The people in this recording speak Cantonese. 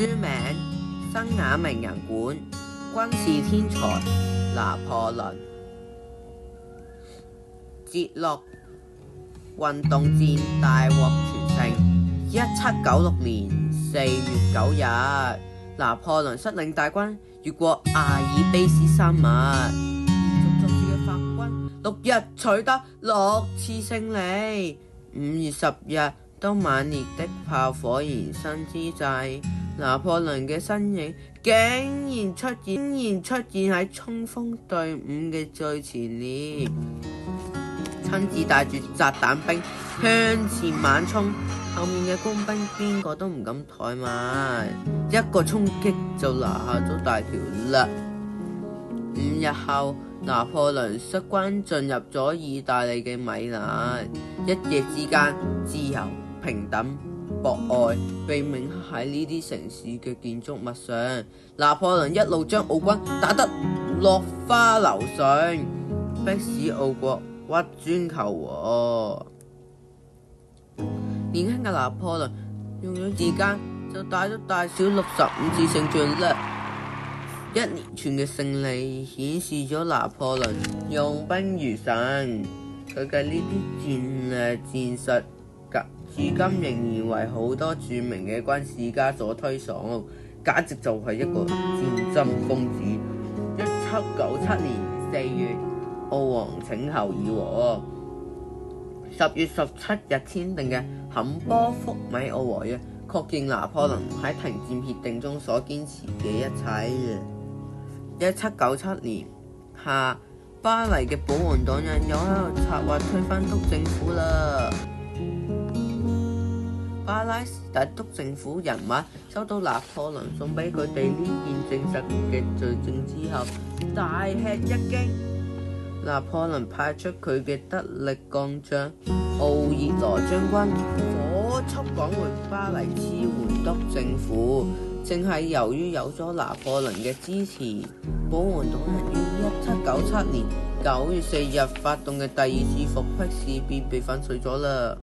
書名《新雅名人館》，軍事天才拿破崙。節錄，運動戰大獲全勝。一七九六年四月九日，拿破崙率領大軍越過阿爾卑斯山脈，二十六日法軍六日取得六次勝利。五月十日，當猛烈的炮火延伸之際，拿破崙嘅身影竟然出現，竟然出現喺衝鋒隊伍嘅最前列，親自帶住炸彈兵向前猛衝，後面嘅官兵邊個都唔敢怠慢，一個衝擊就拿下咗大橋啦。五日後，拿破崙率軍進入咗意大利嘅米蘭，一夜之間，自由平等。博愛被銘刻喺呢啲城市嘅建築物上。拿破崙一路將奧軍打得落花流水，迫使奧國屈尊求和。年輕嘅拿破崙用咗時間就打咗大小六十五次勝仗叻，一年前嘅勝利顯示咗拿破崙用兵如神，佢嘅呢啲戰略戰術。至今仍然為好多著名嘅軍事家所推崇，簡直就係一個戰爭公子。一七九七年四月，奧皇請求議和，十月十七日簽訂嘅坎波福米奧和約，確認拿破崙喺停戰協定中所堅持嘅一切。一七九七年夏，下巴黎嘅保皇黨人又喺度策劃推翻督政府啦。巴拉斯等督政府人物收到拿破崙送俾佢哋呢件證實嘅罪證之後，大吃一驚。拿破崙派出佢嘅得力幹將奧爾羅將軍，火速趕回巴黎支援督政府。正係由於有咗拿破崙嘅支持，保皇黨喺於一七九七年九月四日發動嘅第二次復辟事變，便被粉碎咗啦。